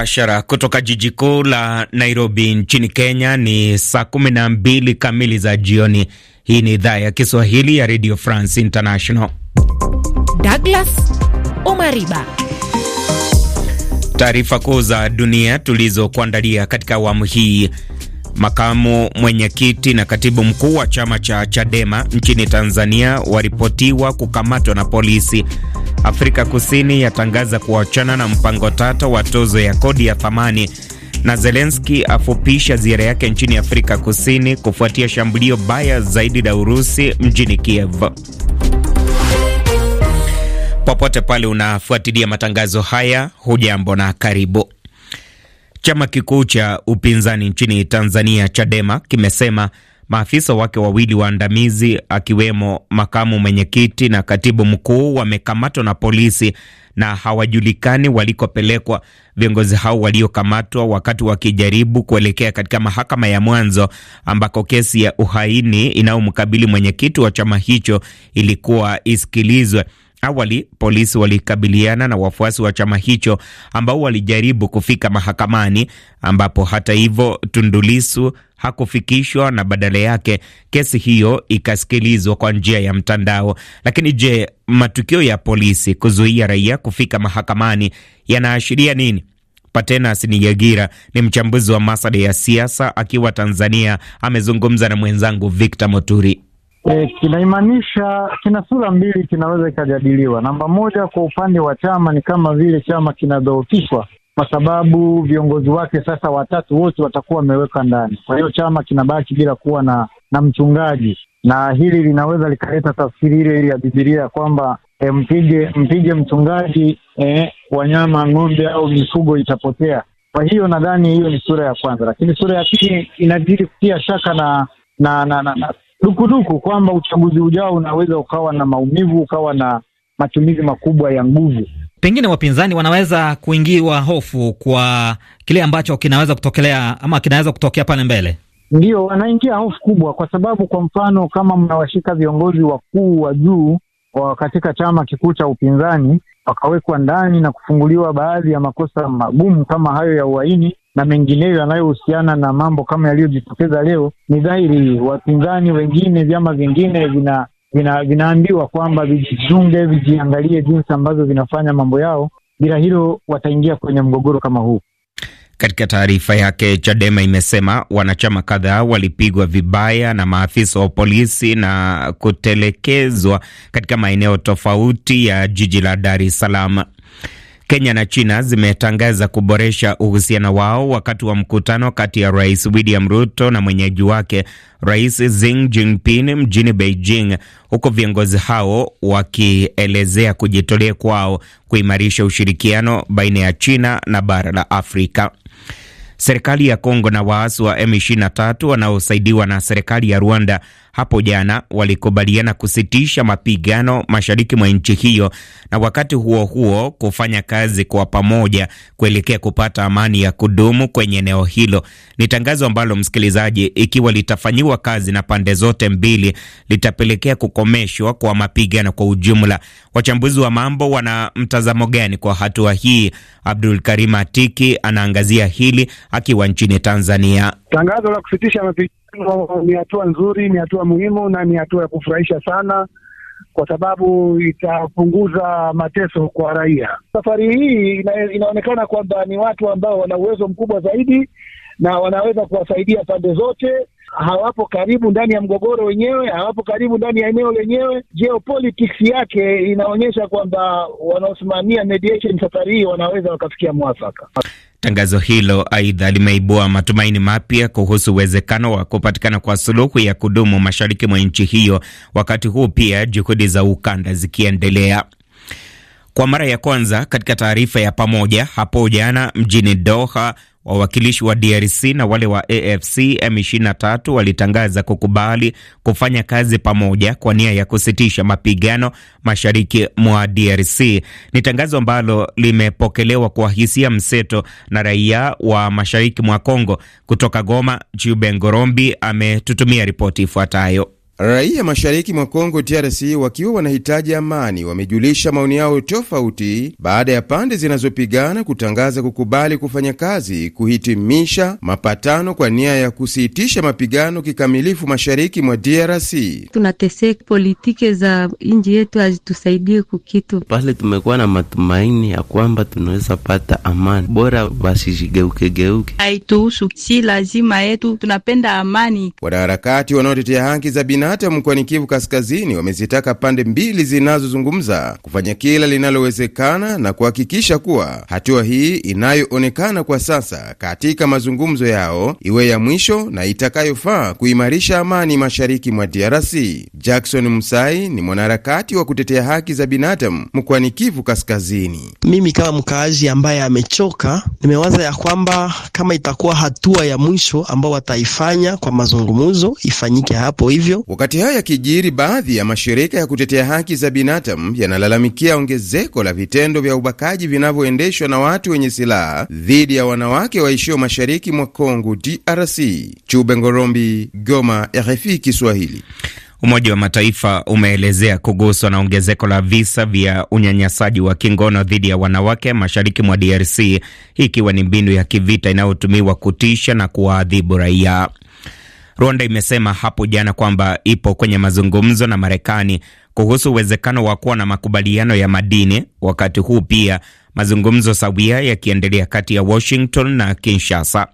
mubashara kutoka jiji kuu la Nairobi nchini Kenya. Ni saa kumi na mbili kamili za jioni. Hii ni idhaa ya Kiswahili ya Radio France International. Douglas Omariba, taarifa kuu za dunia tulizokuandalia katika awamu hii. Makamu mwenyekiti na katibu mkuu wa chama cha Chadema nchini Tanzania waripotiwa kukamatwa na polisi. Afrika Kusini yatangaza kuachana na mpango tata wa tozo ya kodi ya thamani, na Zelenski afupisha ziara yake nchini Afrika Kusini kufuatia shambulio baya zaidi la Urusi mjini Kiev. Popote pale unafuatilia matangazo haya, hujambo na karibu. Chama kikuu cha upinzani nchini Tanzania, Chadema, kimesema maafisa wake wawili waandamizi akiwemo makamu mwenyekiti na katibu mkuu wamekamatwa na polisi na hawajulikani walikopelekwa. Viongozi hao waliokamatwa wakati wakijaribu kuelekea katika mahakama ya mwanzo ambako kesi ya uhaini inayomkabili mwenyekiti wa chama hicho ilikuwa isikilizwe. Awali polisi walikabiliana na wafuasi wa chama hicho ambao walijaribu kufika mahakamani, ambapo hata hivyo Tundulisu hakufikishwa na badala yake kesi hiyo ikasikilizwa kwa njia ya mtandao. Lakini je, matukio ya polisi kuzuia raia kufika mahakamani yanaashiria nini? Patenas yagira ni mchambuzi wa masuala ya siasa akiwa Tanzania, amezungumza na mwenzangu Victor Moturi e, kinaimaanisha kina sura mbili, kinaweza ikajadiliwa. Namba moja, kwa upande wa chama ni kama vile chama kinadhoofishwa kwa sababu viongozi wake sasa watatu wote watakuwa wameweka ndani, kwa hiyo chama kinabaki bila kuwa na na mchungaji, na hili linaweza likaleta tafsiri ile ile ya Bibilia kwamba e, mpige mpige mchungaji e, wanyama ng'ombe au mifugo itapotea. Kwa hiyo nadhani hiyo ni sura ya kwanza, lakini sura ya pili inajiri kutia shaka na na na, na, na dukuduku kwamba uchaguzi ujao unaweza ukawa na maumivu, ukawa na matumizi makubwa ya nguvu. Pengine wapinzani wanaweza kuingiwa hofu kwa kile ambacho kinaweza kutokelea ama kinaweza kutokea pale mbele. Ndio wanaingia hofu kubwa, kwa sababu kwa mfano, kama mnawashika viongozi wakuu wa juu wa katika chama kikuu cha upinzani wakawekwa ndani na kufunguliwa baadhi ya makosa magumu kama hayo ya uhaini na mengineyo yanayohusiana na mambo kama yaliyojitokeza leo. Ni dhahiri wapinzani wengine, vyama vingine vina vina vinaambiwa kwamba vijichunge, vijiangalie jinsi ambavyo vinafanya mambo yao. Bila hilo wataingia kwenye mgogoro kama huu. Katika taarifa yake, Chadema imesema wanachama kadhaa walipigwa vibaya na maafisa wa polisi na kutelekezwa katika maeneo tofauti ya jiji la Dar es Salaam. Kenya na China zimetangaza kuboresha uhusiano wao wakati wa mkutano kati ya Rais William Ruto na mwenyeji wake Rais Xi Jinping mjini Beijing, huku viongozi hao wakielezea kujitolea kwao kuimarisha ushirikiano baina ya China na bara la Afrika. Serikali ya Kongo na waasi wa M23 wanaosaidiwa na serikali ya Rwanda hapo jana walikubaliana kusitisha mapigano mashariki mwa nchi hiyo na wakati huo huo kufanya kazi kwa pamoja kuelekea kupata amani ya kudumu kwenye eneo hilo. Ni tangazo ambalo, msikilizaji, ikiwa litafanyiwa kazi na pande zote mbili, litapelekea kukomeshwa kwa mapigano kwa ujumla. Wachambuzi wa mambo wana mtazamo gani kwa hatua hii? Abdul Karim Atiki anaangazia hili akiwa nchini Tanzania. Tangazo la kusitisha mapigano ni hatua nzuri, ni hatua muhimu na ni hatua ya kufurahisha sana, kwa sababu itapunguza mateso kwa raia. Safari hii ina, inaonekana kwamba ni watu ambao wana uwezo mkubwa zaidi na wanaweza kuwasaidia pande zote. Hawapo karibu ndani ya mgogoro wenyewe, hawapo karibu ndani ya eneo lenyewe. Geopolitics yake inaonyesha kwamba wanaosimamia mediation safari hii wanaweza wakafikia mwafaka. Tangazo hilo aidha limeibua matumaini mapya kuhusu uwezekano wa kupatikana kwa suluhu ya kudumu mashariki mwa nchi hiyo, wakati huu pia juhudi za ukanda zikiendelea. Kwa mara ya kwanza katika taarifa ya pamoja hapo jana mjini Doha, Wawakilishi wa DRC na wale wa AFC M23 walitangaza kukubali kufanya kazi pamoja kwa nia ya kusitisha mapigano mashariki mwa DRC. Ni tangazo ambalo limepokelewa kwa hisia mseto na raia wa mashariki mwa congo Kutoka Goma, Jube Ngorombi ametutumia ripoti ifuatayo. Raia mashariki mwa Kongo DRC wakiwa wanahitaji amani wamejulisha maoni yao tofauti baada ya pande zinazopigana kutangaza kukubali kufanya kazi kuhitimisha mapatano kwa nia ya kusitisha mapigano kikamilifu mashariki mwa DRC. Tunateseka, politike za nji yetu hazitusaidie kukitu pale. Tumekuwa na matumaini ya kwamba tunaweza pata amani, bora wasijigeuke haituhusu si lazima yetu, tunapenda amani. Wanaharakati wanaotetea haki za binadamu Katamu mkoani Kivu Kaskazini wamezitaka pande mbili zinazozungumza kufanya kila linalowezekana na kuhakikisha kuwa hatua hii inayoonekana kwa sasa katika mazungumzo yao iwe ya mwisho na itakayofaa kuimarisha amani mashariki mwa DRC. Jackson Musai ni mwanaharakati wa kutetea haki za binadamu mkoani Kivu Kaskazini. Mimi kama mkaazi ambaye amechoka, nimewaza ya kwamba kama itakuwa hatua ya mwisho ambao wataifanya kwa mazungumzo ifanyike hapo hivyo Wakati hayo yakijiri, baadhi ya mashirika ya kutetea haki za binadamu yanalalamikia ongezeko la vitendo vya ubakaji vinavyoendeshwa na watu wenye silaha dhidi ya wanawake waishio mashariki mwa congo DRC. Chube Ngorombi, Goma, RFI Kiswahili. Umoja wa Mataifa umeelezea kuguswa na ongezeko la visa vya unyanyasaji wa kingono dhidi ya wanawake mashariki mwa DRC, hii ikiwa ni mbinu ya kivita inayotumiwa kutisha na kuwaadhibu raia. Rwanda imesema hapo jana kwamba ipo kwenye mazungumzo na Marekani kuhusu uwezekano wa kuwa na makubaliano ya madini, wakati huu pia mazungumzo sawia yakiendelea kati ya Washington na Kinshasa.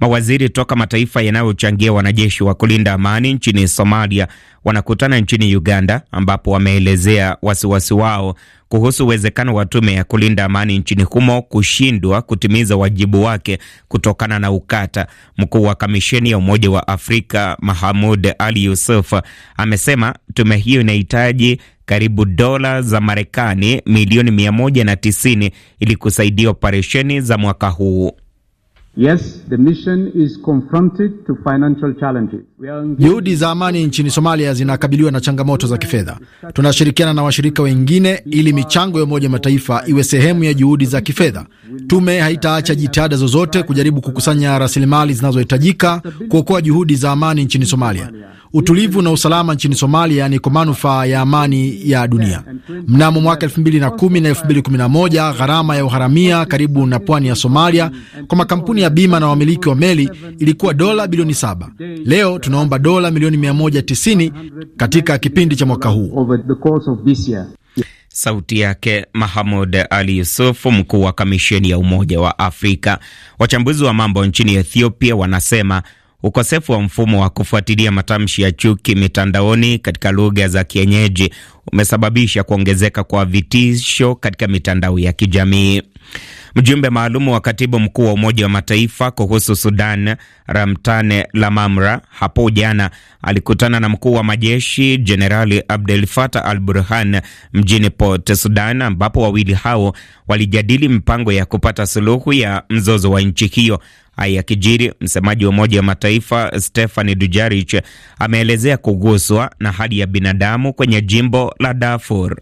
Mawaziri toka mataifa yanayochangia wanajeshi wa kulinda amani nchini Somalia wanakutana nchini Uganda, ambapo wameelezea wasiwasi wao kuhusu uwezekano wa tume ya kulinda amani nchini humo kushindwa kutimiza wajibu wake kutokana na ukata. Mkuu wa kamisheni ya Umoja wa Afrika Mahamud Ali Yusuf amesema tume hiyo inahitaji karibu dola za Marekani milioni 190 ili kusaidia operesheni za mwaka huu. Yes, the mission is confronted to financial challenges. Juhudi za amani nchini Somalia zinakabiliwa na changamoto za kifedha. Tunashirikiana na washirika wengine ili michango ya Umoja Mataifa iwe sehemu ya juhudi za kifedha. Tume haitaacha jitihada zozote kujaribu kukusanya rasilimali zinazohitajika kuokoa juhudi za amani nchini Somalia utulivu na usalama nchini Somalia ni kwa manufaa ya amani ya dunia. Mnamo mwaka 2010 na 2011, gharama ya uharamia karibu na pwani ya Somalia kwa makampuni ya bima na wamiliki wa meli ilikuwa dola bilioni 7. Leo tunaomba dola milioni 190 katika kipindi cha mwaka huu. Sauti yake Mahamud Ali Yusuf, mkuu wa kamisheni ya Umoja wa Afrika. Wachambuzi wa mambo nchini Ethiopia wanasema Ukosefu wa mfumo wa kufuatilia matamshi ya chuki mitandaoni katika lugha za kienyeji umesababisha kuongezeka kwa vitisho katika mitandao ya kijamii. Mjumbe maalumu wa katibu mkuu wa Umoja wa Mataifa kuhusu Sudan, Ramtane Lamamra, hapo jana alikutana na mkuu wa majeshi Jenerali Abdel fata Al Burhan mjini Port Sudan, ambapo wawili hao walijadili mipango ya kupata suluhu ya mzozo wa nchi hiyo yakijiri, msemaji wa Umoja wa Mataifa Stephane dujarich ameelezea kuguswa na hali ya binadamu kwenye jimbo la Darfur.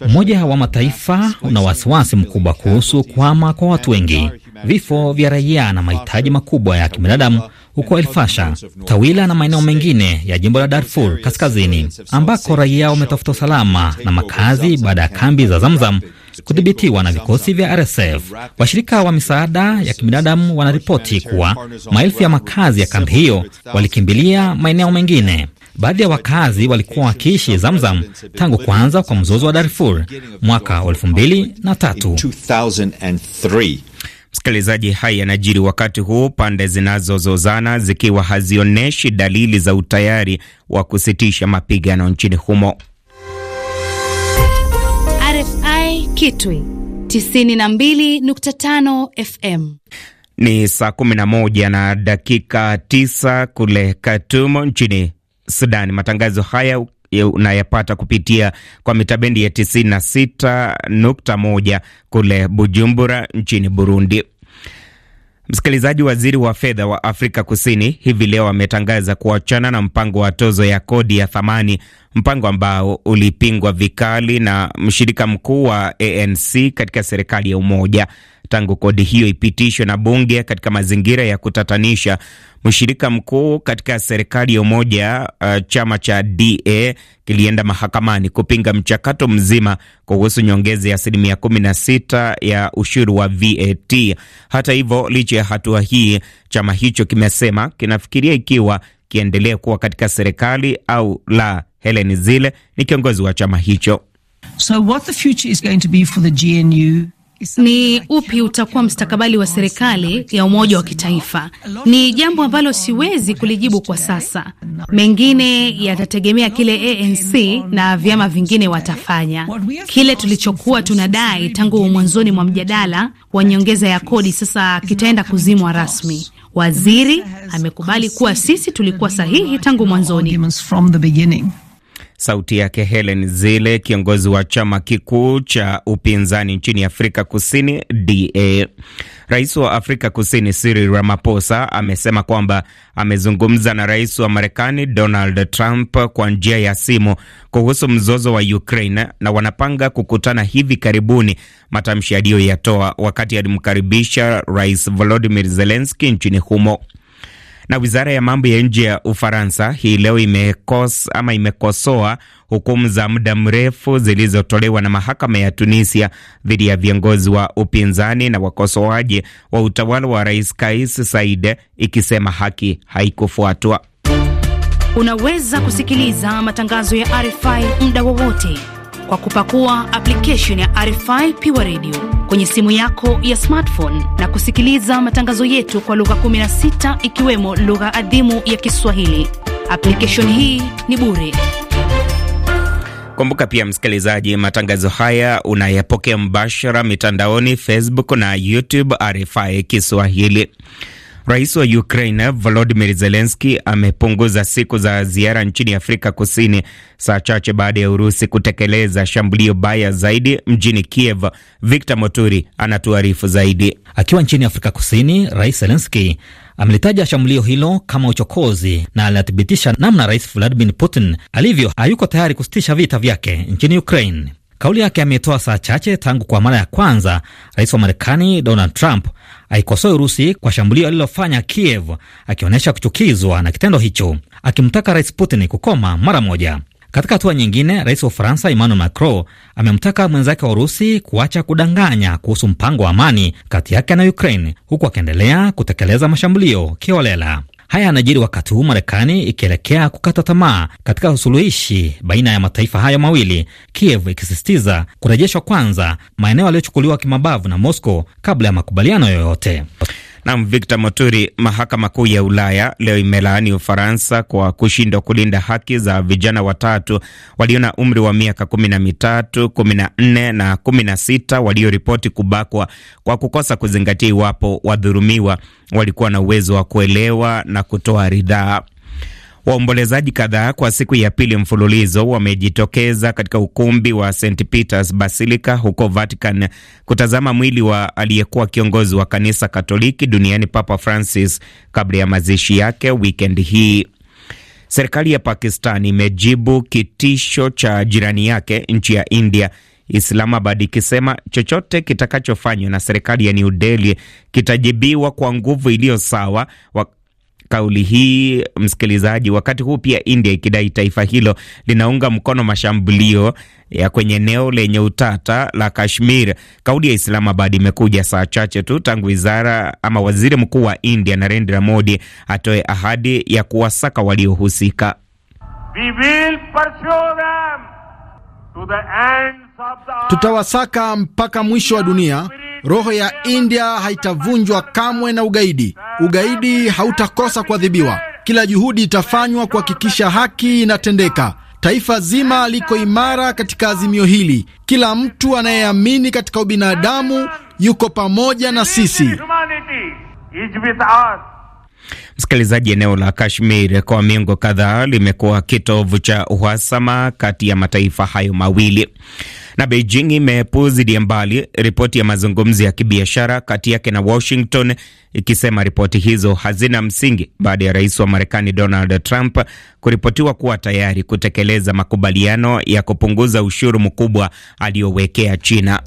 Umoja wa Mataifa una wasiwasi mkubwa kuhusu kuhama kwa watu wengi, vifo vya raia na mahitaji makubwa ya kibinadamu huko elfasha Tawila na maeneo mengine ya jimbo la Darfur Kaskazini, ambako raia wametafuta usalama na makazi baada ya kambi za Zamzam kudhibitiwa na vikosi vya RSF. Washirika wa misaada ya kibinadamu wanaripoti kuwa maelfu ya makazi ya kambi hiyo walikimbilia maeneo mengine. Baadhi ya wakazi walikuwa wakiishi Zamzam tangu kuanza kwa mzozo wa Darfur mwaka wa elfu mbili na tatu. Msikilizaji, haya yanajiri wakati huu pande zinazozozana zikiwa hazionyeshi dalili za utayari wa kusitisha mapigano nchini humo. Kitwi 92.5 FM. Ni saa 11 na dakika 9 kule Khartoum nchini Sudan. Matangazo haya unayapata kupitia kwa mitabendi ya 96.1 kule Bujumbura nchini Burundi. Msikilizaji, waziri wa fedha wa Afrika Kusini hivi leo ametangaza kuachana na mpango wa tozo ya kodi ya thamani mpango ambao ulipingwa vikali na mshirika mkuu wa ANC katika serikali ya umoja tangu kodi hiyo ipitishwe na bunge katika mazingira ya kutatanisha. Mshirika mkuu katika serikali ya umoja uh, chama cha DA kilienda mahakamani kupinga mchakato mzima kuhusu nyongeza ya asilimia 16 ya ushuru wa VAT. Hata hivyo, licha ya hatua hii, chama hicho kimesema kinafikiria ikiwa kiendelee kuwa katika serikali au la Helen Zille ni kiongozi wa chama hicho. So what the future is going to be for the GNU ni upi utakuwa mstakabali wa serikali ya umoja wa kitaifa? Ni jambo ambalo siwezi kulijibu kwa sasa. Mengine yatategemea kile ANC na vyama vingine watafanya. Kile tulichokuwa tunadai tangu mwanzoni mwa mjadala wa nyongeza ya kodi sasa kitaenda kuzimwa rasmi. Waziri amekubali kuwa sisi tulikuwa sahihi tangu mwanzoni. Sauti yake Helen Zille, kiongozi wa chama kikuu cha upinzani nchini Afrika Kusini DA. Rais wa Afrika Kusini Cyril Ramaphosa amesema kwamba amezungumza na rais wa Marekani Donald Trump kwa njia ya simu kuhusu mzozo wa Ukraine na wanapanga kukutana hivi karibuni, matamshi aliyoyatoa wakati alimkaribisha Rais volodimir zelenski nchini humo. Na wizara ya mambo ya nje ya Ufaransa hii leo imekos, ama imekosoa hukumu za muda mrefu zilizotolewa na mahakama ya Tunisia dhidi ya viongozi wa upinzani na wakosoaji wa utawala wa Rais Kais Saied ikisema haki haikufuatwa. Unaweza kusikiliza matangazo ya RFI muda wowote kwa kupakua application ya RFI Pure Radio kwenye simu yako ya smartphone na kusikiliza matangazo yetu kwa lugha 16 ikiwemo lugha adhimu ya Kiswahili. Application hii ni bure. Kumbuka pia msikilizaji, matangazo haya unayapokea mbashara mitandaoni Facebook na YouTube RFI Kiswahili. Rais wa Ukraine volodimir zelenski amepunguza siku za ziara nchini Afrika Kusini saa chache baada ya Urusi kutekeleza shambulio baya zaidi mjini Kiev. Victor Moturi anatuarifu zaidi. Akiwa nchini Afrika Kusini, Rais zelenski amelitaja shambulio hilo kama uchokozi na alithibitisha namna Rais Vladimir Putin alivyo hayuko tayari kusitisha vita vyake nchini Ukraine. Kauli yake ametoa saa chache tangu kwa mara ya kwanza rais wa Marekani Donald Trump aikosoe Urusi kwa shambulio alilofanya Kiev, akionyesha kuchukizwa na kitendo hicho, akimtaka rais Putin kukoma mara moja. Katika hatua nyingine, rais wa Ufaransa Emmanuel Macron amemtaka mwenzake wa Urusi kuacha kudanganya kuhusu mpango wa amani kati yake na Ukraine, huku akiendelea kutekeleza mashambulio kiholela. Haya yanajiri wakati huu Marekani ikielekea kukata tamaa katika usuluhishi baina ya mataifa hayo mawili, Kiev ikisisitiza kurejeshwa kwanza maeneo yaliyochukuliwa kimabavu na Moscow kabla ya makubaliano yoyote. Nam Victor Moturi. Mahakama Kuu ya Ulaya leo imelaani Ufaransa kwa kushindwa kulinda haki za vijana watatu walio na umri wa miaka kumi na mitatu, kumi na nne na kumi na sita walioripoti kubakwa kwa kukosa kuzingatia iwapo wadhurumiwa walikuwa na uwezo wa kuelewa na kutoa ridhaa. Waombolezaji kadhaa kwa siku ya pili mfululizo wamejitokeza katika ukumbi wa St Peters Basilica huko Vatican kutazama mwili wa aliyekuwa kiongozi wa kanisa Katoliki duniani Papa Francis kabla ya mazishi yake wikendi hii. Serikali ya Pakistan imejibu kitisho cha jirani yake nchi ya India Islamabad ikisema chochote kitakachofanywa na serikali ya New Delhi kitajibiwa kwa nguvu iliyo sawa, kauli hii, msikilizaji, wakati huu pia India ikidai taifa hilo linaunga mkono mashambulio ya kwenye eneo lenye utata la Kashmir. Kauli ya Islamabad imekuja saa chache tu tangu wizara ama waziri mkuu wa India Narendra Modi atoe ahadi ya kuwasaka waliohusika. Tutawasaka mpaka mwisho wa dunia. Roho ya India haitavunjwa kamwe na ugaidi. Ugaidi hautakosa kuadhibiwa. Kila juhudi itafanywa kuhakikisha haki inatendeka. Taifa zima liko imara katika azimio hili. Kila mtu anayeamini katika ubinadamu yuko pamoja na sisi. Msikilizaji, eneo la Kashmir kwa miongo kadhaa limekuwa kitovu cha uhasama kati ya mataifa hayo mawili na Beijing imepuzidia mbali ripoti ya mazungumzo ya kibiashara kati yake na Washington, ikisema ripoti hizo hazina msingi baada ya rais wa Marekani Donald Trump kuripotiwa kuwa tayari kutekeleza makubaliano ya kupunguza ushuru mkubwa aliyowekea China.